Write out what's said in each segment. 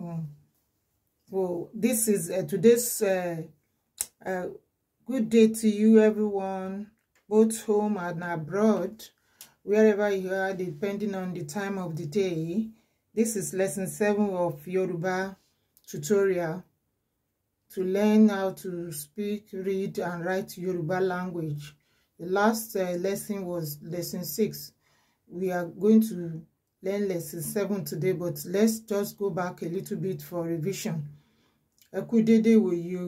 Mm. Well, this is uh, today's uh, uh, good day to you, everyone, both home and abroad, wherever you are, depending on the time of the day. This is lesson seven of Yoruba tutorial to learn how to speak, read, and write Yoruba language. The last uh, lesson was lesson six. We are going to learn lesson seven today but let's just go back a little bit for revision ẹ kú dédé ìwòye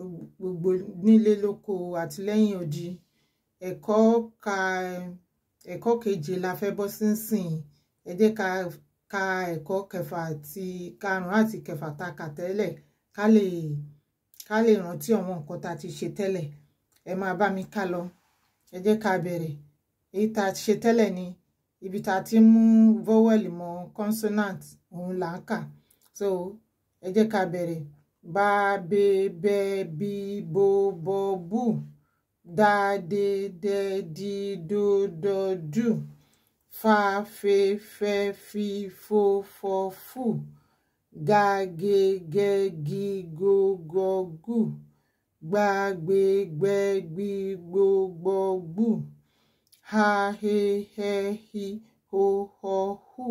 o gbogbo nílé lóko àtìlẹ́yìn odi ẹ̀kọ́ ka ẹ̀kọ́ keje la fẹ́ bọ́ sí sìn ẹ jẹ́ ká ka ẹ̀kọ́ kẹfà àti karùnún àti kẹfà ta kà tẹ́lẹ̀ ká lè ká lè rántí àwọn nǹkan tá ti ṣe tẹ́lẹ̀ ẹ máa bá mi ká lọ ẹ jẹ́ ká bẹ̀rẹ̀ èyí tá ṣe tẹ́lẹ̀ ni ibi tá a ti mú vowel mọ́ consonant òun là ń kà so ẹ jẹ́ ká bẹ̀rẹ̀ bá be bẹ bí bo bọ bù dá de dẹ di do dọ du fa fe fẹ fi fo fọ fù ga ge gẹ gi go gọ gù gba gbe gbẹ gbi gbogbo gbù. Gba, gbe, gbe, gbi, gbo, gbo, ha he he hi ho ho hu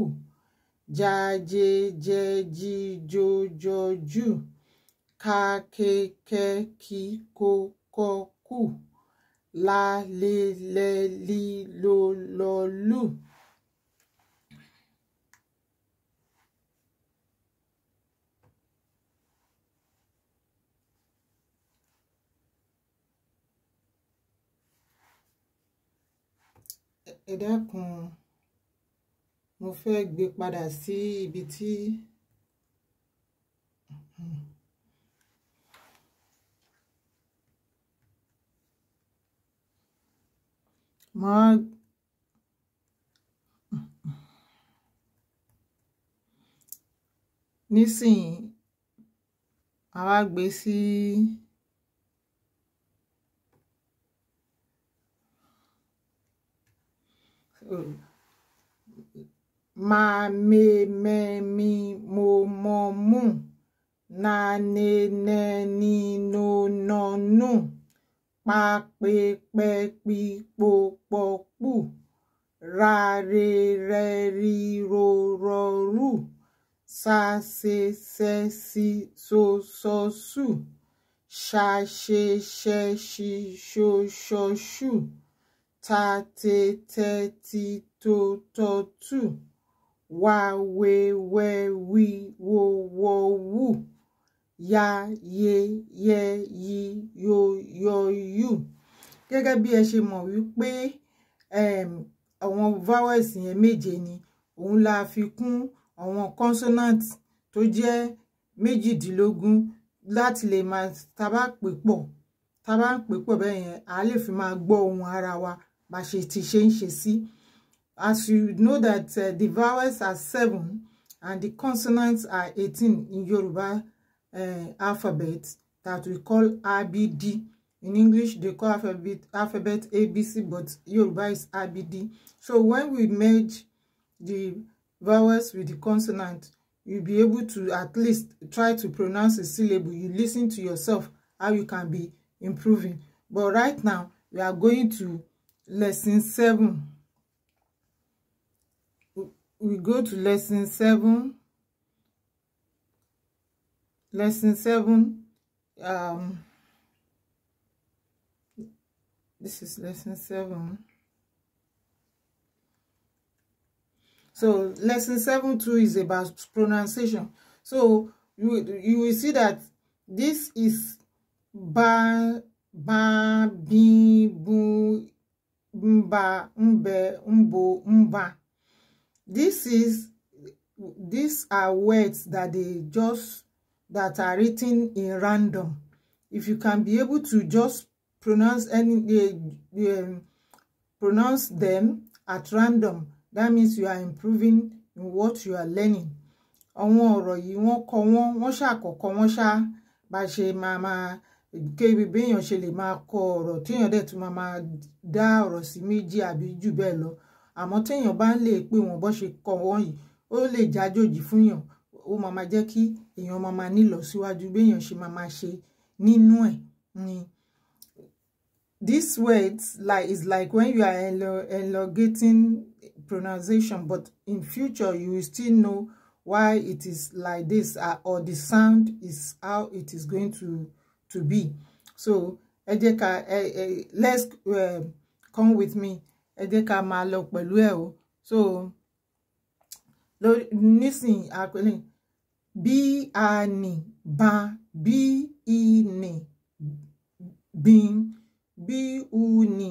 ja je je ji jo jo ju ka ke ke ki ko ko ku la le le li lo lo lu. ẹ dákun mo fẹ́ gbé padà sí ibi tí màá nísìnyí àwa gbé sí. Si... ma me me mi mo mo mu na ne ne ni no no nu pa pe pe pi po po pu ra re re ri ro ro ru sa se se si so so su ṣa ṣe ṣe ṣi ṣo ṣo ṣu tatetetitototu wawewewiwowowu yayeyeyiyoyoyu gẹ́gẹ́ bí ẹ ṣe mọ̀ wípé ehm, àwọn vowels yẹn méje ni òun la fi kún àwọn consonant tó jẹ́ méjìdínlógún láti lè máa tá a bá pè pọ̀ tá a bá ń pè pọ̀ bẹ́ẹ̀ yẹn a lè fi máa gbọ́ ohùn ara wa bá ṣe ti ṣe ń ṣe as you know that uh, the vowels are seven and the consonants are eighteen in Yoruba uh, alphabet that we call abd in English they call alphabet alphabet abc but Yoruba is abd so when we merge the vowels with the consonant you'll be able to at least try to pronounce a syllable you listen to yourself how you can be improving but right now we are going to lesson 7 we go to lesson 7 lesson 7 um this is lesson 7 so lesson 7 too is about pronunciation so you you will see that this is ba ba bi bu mba mbe mbo mba this is these are words that they just that are written in random if you can be able to just pronounce any uh, uh, pronounce them at random that means you are improving in what you are learning àwọn ọ̀rọ̀ yìí wọ́n kọ wọ́n wọ́n ṣàkọ́kọ́ wọ́n ṣá bá ṣe máa máa kébi béèyàn ṣe lè máa kọ ọ̀rọ̀ téèyàn dẹ̀ tún máa máa dá ọ̀rọ̀ sí méjì àbí jù bẹ́ẹ̀ lọ àmọ́ téèyàn bá ń lè pé wọ́n bọ́ ṣe kọ wọ́n yìí ó lè jájòjì fúnyàn ó máa máa jẹ́ kí èèyàn máa máa nílọsíwájú béèyàn ṣe máa máa ṣe nínú ẹ̀ ni. These words like is like when you are elongating pronunciation but in future you will still know why it is like this or the sound is how it is going to to be so ẹ jẹ́ ká let's uh, come with me ẹ jẹ́ ká máa lọ pẹ̀lú ẹ̀ o so nísìn àpẹẹrẹ bí a nì ba bí i bin bí u nì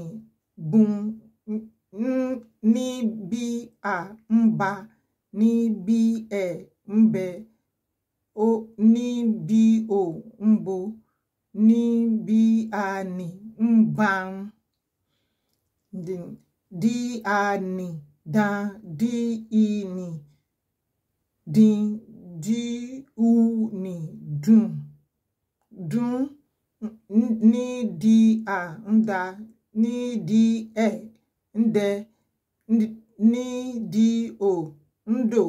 bun ní bí a ń ba ní bí ẹ ń bẹ ní bí o ń bo níbi àní ń bá ń di àní dan di ìní dín di ùní dùn dùn ní di à ń da ní di ẹ ń dẹ ní di ò ń dò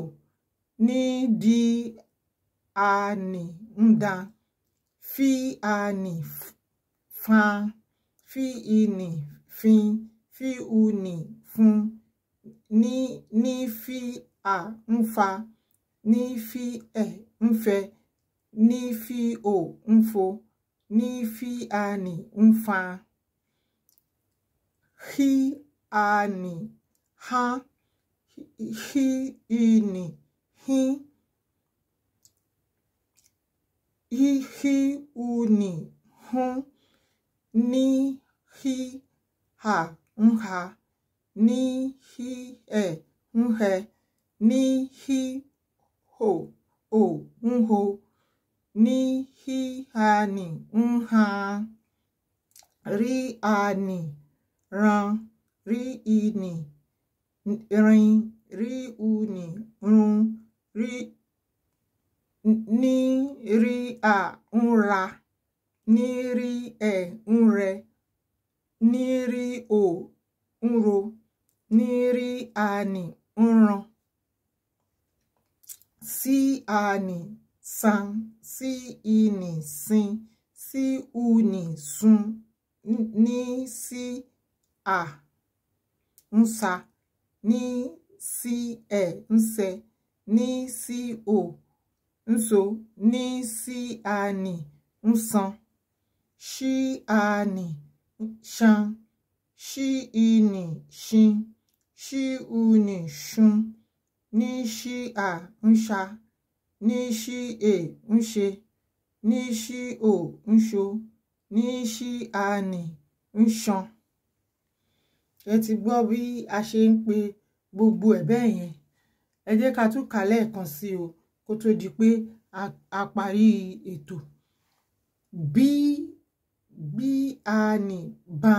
ní A àní ń dan fi anì fa fi inì fin fi unì fun ni ni fi a ń fa ni fi e ń fe ni fi o ń fo ni fi anì ń fa hi anì ha hi inì hin ihi uni hụ n'ihi ha nha n'ihi e nhe n'ihi ho o nho n'ihi ani nha ri ani ran ri ini rin ri uni run ri ní rí à ń ra ní rí ẹ̀ ń rẹ ní rí ò ń ro ní rí àní ń ran sí àní san sí ìní sin sí ùní sun ní sí à ń sa ní sí ẹ̀ ń sẹ ní sí ò nso n'isi ani nsan shi ani shan shi ini shin shi uni shun ní ṣí à ń ni ní ṣí è ń ṣe ní ṣí ò ń ṣo ní ṣí à nì ń ṣan. ẹ ti gbọ́ bí a ṣe ń pe gbogbo ẹ̀ bẹ́ẹ̀ yẹn ẹ jẹ́ ká tún kà lẹ́ẹ̀kan sí o kó tó di pé a parí ètò bí bí a nì bá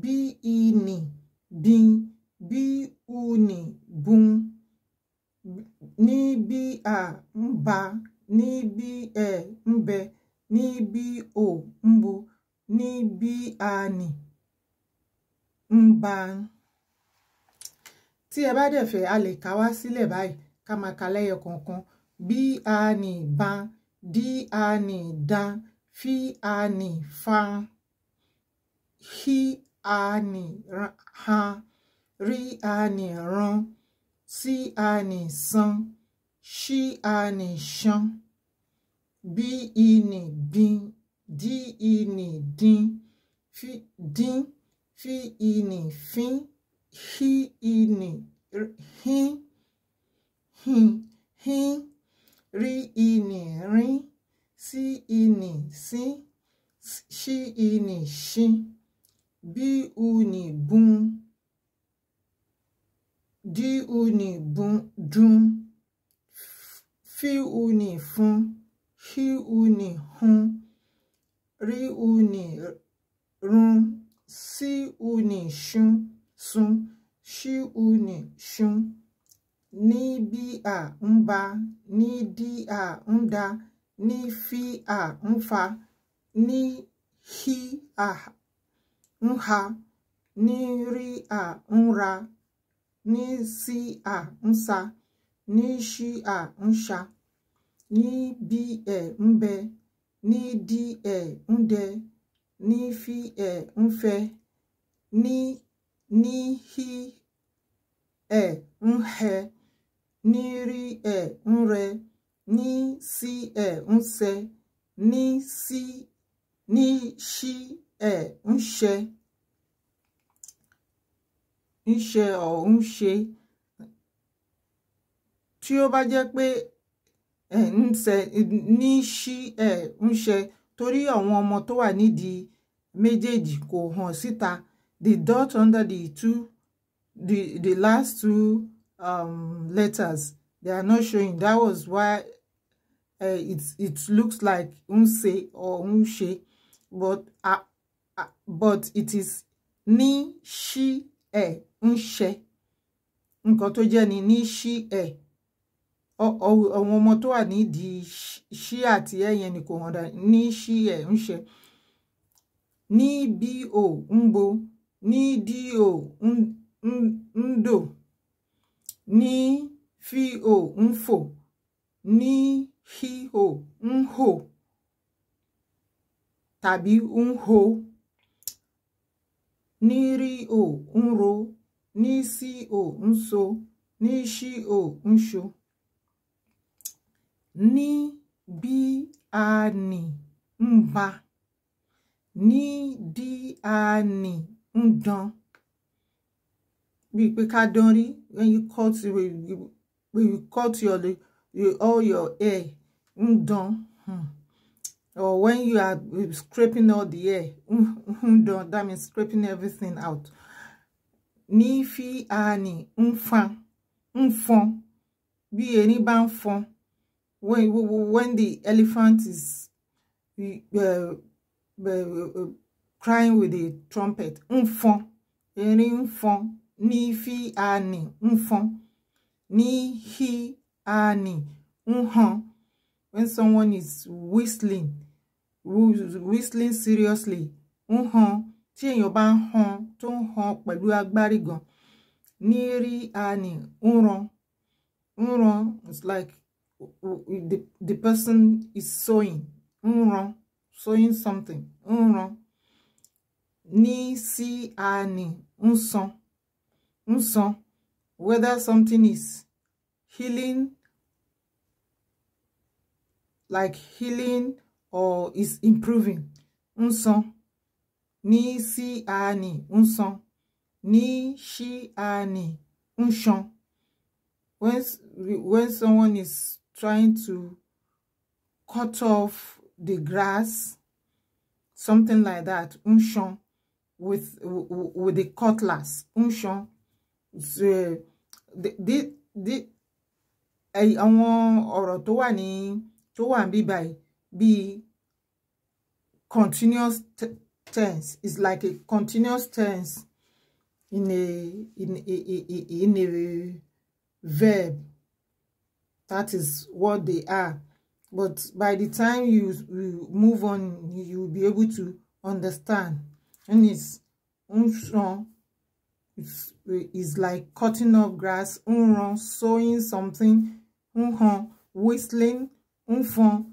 bí i nì bin bí u nì bun ní bí a ń ba ní bí ẹ ń bẹ ní bí o ń bo ní bí a nì ń ba tí ẹ bá dẹ̀ fẹ́ a lè kà wá sílẹ̀ báyìí ká máa ka kọ̀ọ̀kan bí a nì ban dí a nì dan fi a nì fan hí a nì han rí a nì ran sí a nì san ṣí a nì ṣan bí i nì bin dí i nì dín fi dín fi i nì fín hí i nì hín hín hín rí inì rín sí inì sín ṣí inì ṣín bí unì bun dí unì bun dún fí unì fún ṣí unì hun rí unì run sí unì ṣún sun ṣí unì ṣún. bi a mba di a nda fi a mfa hi a nha ri a nra si a nsa n'ishi a nsha n'ibi e mbe n'idi e nde fi e mfe hi e nhe ẹ̀ e nre n'isi e nse n'isi n'ishi e nshe ẹ̀ ọ̀hún ṣe tí ó bá jẹ́ pé ẹ̀ ń ṣe ní sí ẹ̀ ń ṣe torí àwọn ọmọ tó wà nídìí méjèèjì kò hàn síta the dot under the two the the last two um, letters. They are not showing. That was why uh, it, it looks like Unse or Unshe. But, uh, uh, but it is Ni, She, E, Unshe. Nǹkan tó ni Ni, She, E. Àwọn ọmọ tó wà nídìí ṣí àti ẹ̀ e yẹn ni kò hàn dá ní ṣí ẹ̀ ń ṣe ní bo ń bo ní un un do ní fíhò ń fò ní híhò ń ho, tàbí ń ho ni rí o ń ro ni si o ń so ni ṣí o ń ṣo ni bi a ni ń ba ni di a ni ń dan, bíi pé ká dán rí when you cut when you, when you cut your you, all your hair ndon mm, hmm. or when you are scraping all the hair ndon mm, mm, that means scraping everything out ní ani àní ń fan ń fọn bí erin bá when when the elephant is uh, uh, uh, crying with the trumpet ń fọn erin ń fọn ni fi ani nfon ni hi ani nhan when someone is whistling whistling seriously nhan tí èèyàn bá ń han tó ń han pẹ̀lú agbárí gan Ni ri ani nran nran It's like the, the person is sewing nran sewing something nran Ni si ani nsan ń san whether something is healing like healing or is improving ń san ní sí a ní ń san ní ṣí a ń san when when someone is trying to cut off the grass something like that ń san with with the cutlass ń san àwọn ọ̀rọ̀ tó wà ní tó wà níbí báyìí bíi continuous tense is like a continuous tense in a in a, in a verb that is what they are but by the time you, you move on you will be able to understand and it's, it's is like cutting up grass, unrun, sewing something, unhun, whistling, unfun,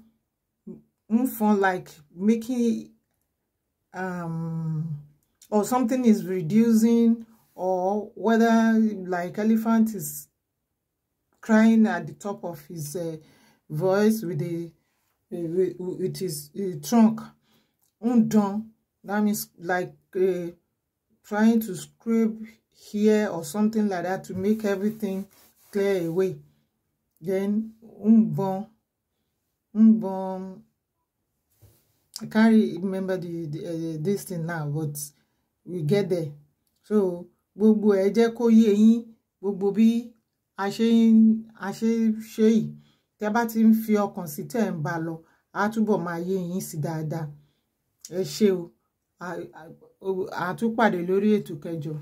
unfun, like making um or something is reducing or whether like elephant is crying at the top of his uh, voice with the with, with his uh, trunk undone that means like uh, trying to scrape here or something like that to make everything clear away then ngbon ngbon i can't remember the, the uh, this thing now but we get there so bobo eje jẹ́ kó yé yín gbogbo bí a ṣe ń a ṣe ṣe ti fi ọkàn sí tẹ́ ń bá lọ á túbọ̀ máa yé yín sí dáadáa ẹ ṣé o àtúpàdé lórí ètò